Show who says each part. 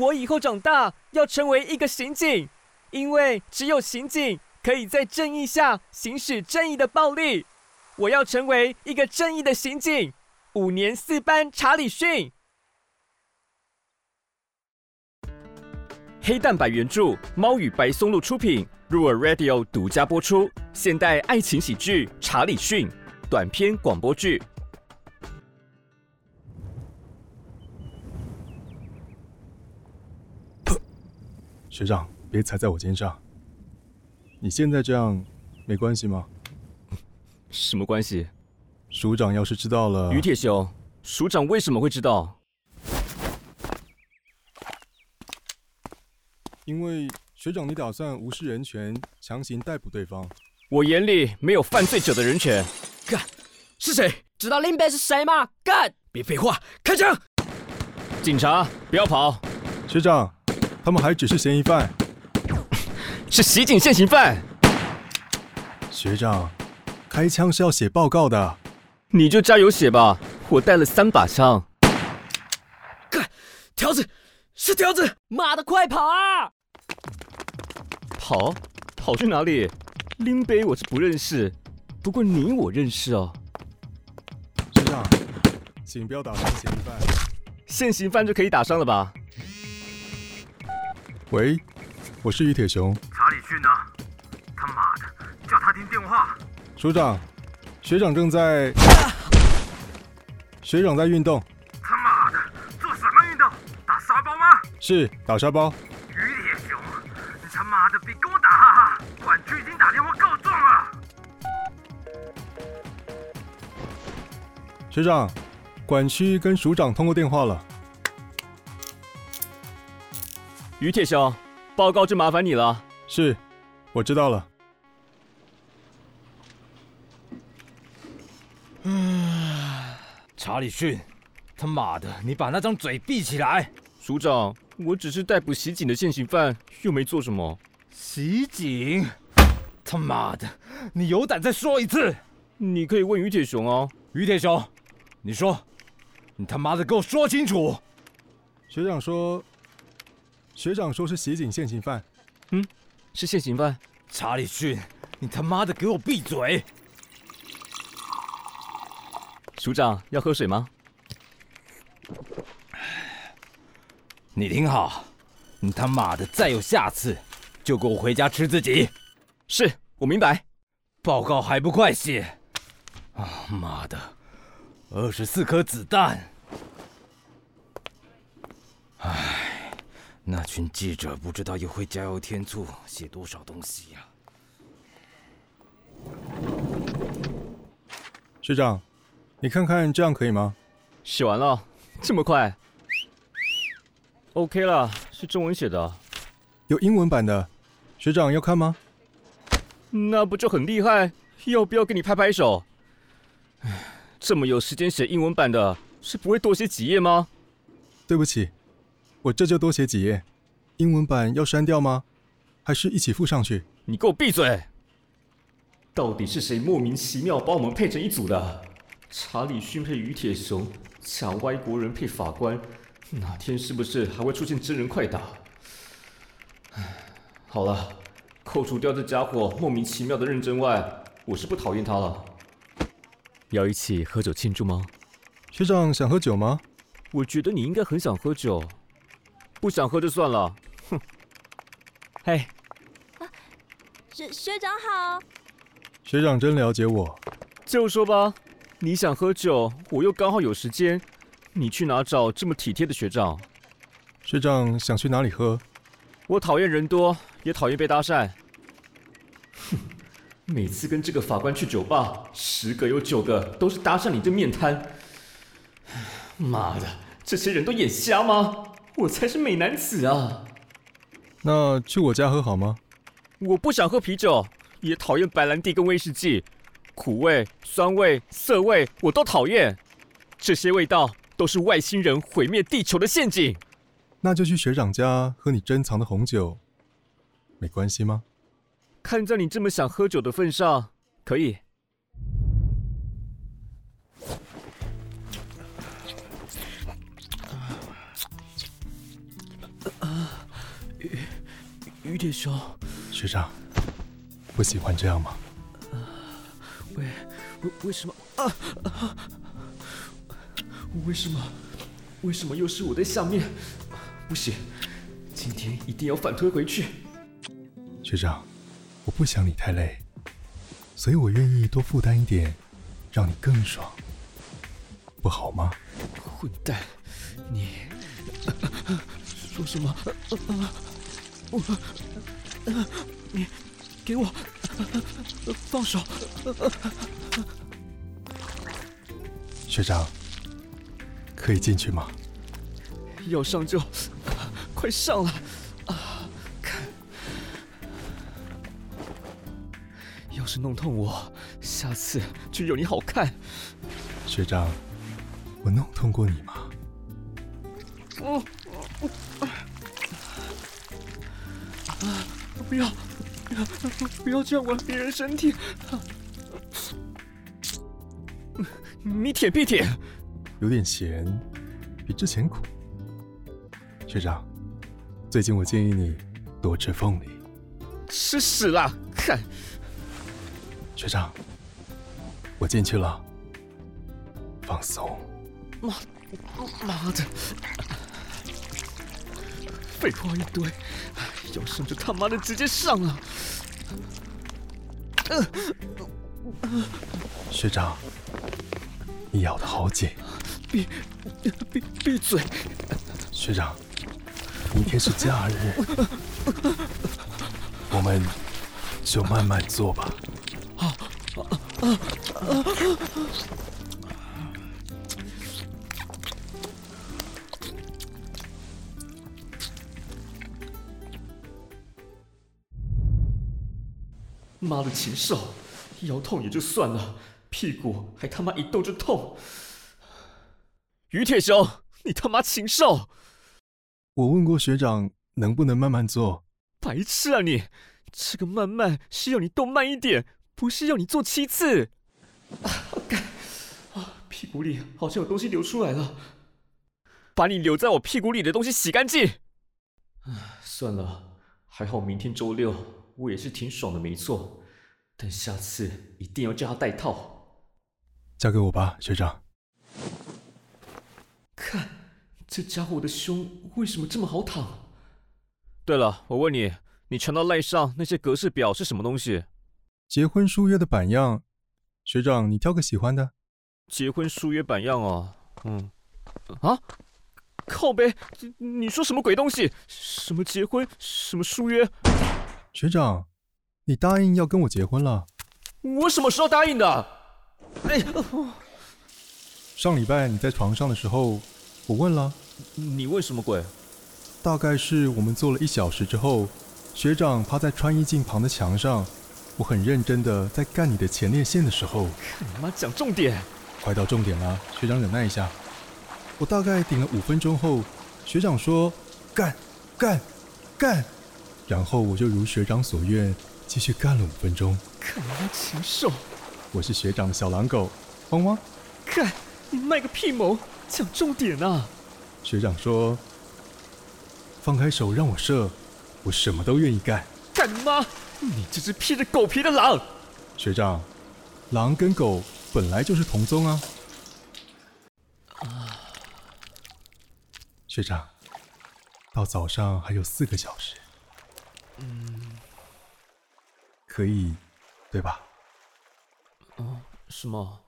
Speaker 1: 我以後長大，要成為一個刑警，因為只有刑警可以在正義下行使正義的暴力。我要成為一個正義的刑警。五年四班，查禮訓。黑蛋白原著，貓與白松露出品，入耳 Radio 獨家播出，現代愛情喜劇《查禮訓》短篇廣播
Speaker 2: 劇。學長，別踩在我肩上。你現在這樣，沒關係嗎？什麼關係？署長要是知道了……余
Speaker 1: 鐵雄，署長為什麼會知道？
Speaker 2: 因為學長，你打算無視人權，強行逮捕對方。我
Speaker 1: 眼裡沒有犯罪者
Speaker 2: 的人權。幹！是誰？
Speaker 1: 知道林北是誰嗎？幹！別廢話，開槍！警察，不要跑！
Speaker 2: 學長。他們還只是嫌疑犯， 是襲警現行犯。學長，開槍是要寫報告的，你就
Speaker 1: 加油寫吧。我帶了三把槍。
Speaker 2: 看，條子，是條子。媽的，快跑啊！
Speaker 1: 跑？跑去哪裡？拎杯我是不認識，不過你我認識哦。
Speaker 2: 學長，請不要打傷嫌疑犯。
Speaker 1: 現行犯就可以打傷了吧？
Speaker 2: 喂，我是余鐵雄。
Speaker 1: 查禮訓呢？他媽的，叫他聽電話。
Speaker 2: 署長，學長正在。啊、學長在運動。他媽
Speaker 1: 的，做什麼運動？打沙包嗎？
Speaker 2: 是打沙包。
Speaker 1: 余鐵雄，你他媽的別跟我打！哈哈，管區已經打電話告狀了。
Speaker 2: 學長，管區跟署長通過電話了。
Speaker 1: 余鐵雄，報告就麻煩你了。是，我知道了。嗯，查禮訓，他媽的，你把那張嘴閉起來！署長，我只是逮捕襲警的現行犯，又沒做什麼。襲警？他媽的，你有膽再說一次？你可以問余鐵雄哦、啊，余
Speaker 2: 鐵雄，你說，你他媽的給我說清楚！學長說。學長說是襲警現行犯，嗯，是現行犯。查禮訓，你他媽的給我閉嘴！
Speaker 1: 署長要喝水嗎？你聽好，你他媽的再有下次，就給我回家吃自己。是，我明白。報告還不快寫！啊，媽的，二十四顆子彈。唉。那群記者不知道又會加油添醋寫多少東西呀、啊！
Speaker 2: 學長，你看看這樣可以嗎？寫完了，這麼快？OK 了，是中文寫的，有英文版的，學長要看嗎？
Speaker 1: 那不就很厲害？要不要跟你拍拍手？哎，這麼有時間寫英文版的，是不會多寫幾頁嗎？
Speaker 2: 對不起。我這就多寫幾頁，英文版要刪掉嗎？還是一起附上去？
Speaker 1: 你給我閉嘴！到底是誰莫名其妙把我們配成一組的？查禮訓配余鐵雄，搶歪國人配法官，哪天是不是還會出現真人快打？唉，好了，扣除掉這家伙莫名其妙的認真外，我是不討厭他了。
Speaker 2: 要一起喝酒慶祝嗎？學長想喝酒嗎？我
Speaker 1: 覺得你應該很想喝酒。不想喝就算了，哼。嘿、hey，啊，學學長好。學長真了解我。就說吧，你想喝酒，我又剛好有時間。你去哪找這麼體貼的學長？
Speaker 2: 學長想去哪裡喝？
Speaker 1: 我討厭人多，也討厭被搭訕。哼， 每次跟這個法官去酒吧，十個有九個都是搭訕你這面癱。媽的，這些人都眼瞎嗎？我才是美男子啊，啊！
Speaker 2: 那去我家喝好嗎？
Speaker 1: 我不想喝啤酒，也討厭白蘭地跟威士忌，苦味、酸味、澀味我都討厭。這些味道都是外星人毀滅地球的陷阱。
Speaker 2: 那就去學長家喝你珍藏的紅酒，沒關係嗎？
Speaker 1: 看在你這麼想喝酒的份上，可以。余鐵雄，
Speaker 2: 學長，不喜歡這樣嗎？
Speaker 1: 為、呃、為為什麼啊？啊為什麼？為什麼又是我在下面？
Speaker 2: 不行，今天
Speaker 1: 一定要反推回去。
Speaker 2: 學長，我不想你太累，所以我願意多負擔一點，讓你更爽，不好嗎？混蛋，你、啊啊、說什麼？啊啊我、哦啊，你，給
Speaker 1: 我，啊啊、放手、啊啊。
Speaker 2: 學長，可以進去嗎？
Speaker 1: 要上就、啊、快上來啊！看，要是弄痛我，下次就有你好看。
Speaker 2: 學長，我弄痛過你嗎？哦啊啊不要，不要，不要這樣玩別人身體，啊！
Speaker 1: 你舔屁舔，
Speaker 2: 有點鹹，比之前苦。學長，最近我建議你多吃鳳梨。
Speaker 1: 吃屎啦！
Speaker 2: 看，學長，我進去了。放鬆。媽，媽的，
Speaker 1: 廢話一堆。要上就他媽的直接上了！嗯，
Speaker 2: 學長，你咬得好緊。
Speaker 1: 閉，閉，閉嘴！
Speaker 2: 學長，明天是假日，我們就慢慢做吧。啊啊啊。啊啊
Speaker 1: 媽的禽獸！腰痛也就算了，屁股還他媽一動就痛。
Speaker 2: 余鐵雄，你他媽禽獸！我問過學長，能不能慢慢做？白痴啊你！這個慢慢是要你動慢一點，不是要你做七次。啊，
Speaker 1: 幹，啊，屁股裡好像有東西流出來了。把你留在我屁股裡的東西洗乾淨。唉，算了，還好明天週六。我也是挺爽的，沒錯，但下次一定要叫他戴套。
Speaker 2: 嫁給我吧，學長。
Speaker 1: 看，這家伙的胸為什麼這麼好躺？對了，我問你，你傳到賴上那些格式表是什麼東
Speaker 2: 西？結婚書約的版樣。學長，你挑個喜歡的。
Speaker 1: 結婚書約版樣啊。嗯。
Speaker 2: 啊！
Speaker 1: 靠北，你說什麼鬼東西？什麼結婚？什麼書約？
Speaker 2: 學長，你答應要跟我結婚了？
Speaker 1: 我什麼時候答應的？哎呦、
Speaker 2: 哦、上禮拜你在床上的時候，我問了。你問什麼鬼？大概是我們做了一小時之後，學長趴在穿衣鏡旁的牆上，我很認真的在幹你的前列腺的時候。你媽講重點！快到重點了，學長忍耐一下。我大概頂了五分鐘後，學長說：“幹，幹，幹。”然後我就如學長所願，繼續幹了五分鐘。幹你個禽獸！我是學長的小狼狗，汪汪！
Speaker 1: 幹！你賣個屁萌！講重點啊！
Speaker 2: 學長說：“放開手讓我射，我什麼都願意幹。”幹嗎？你這隻披着狗皮的狼！學長，狼跟狗本來就是同宗啊。學長，到早上還有四個小時。嗯，可以，對吧？
Speaker 1: 哦、
Speaker 2: 嗯，是嗎？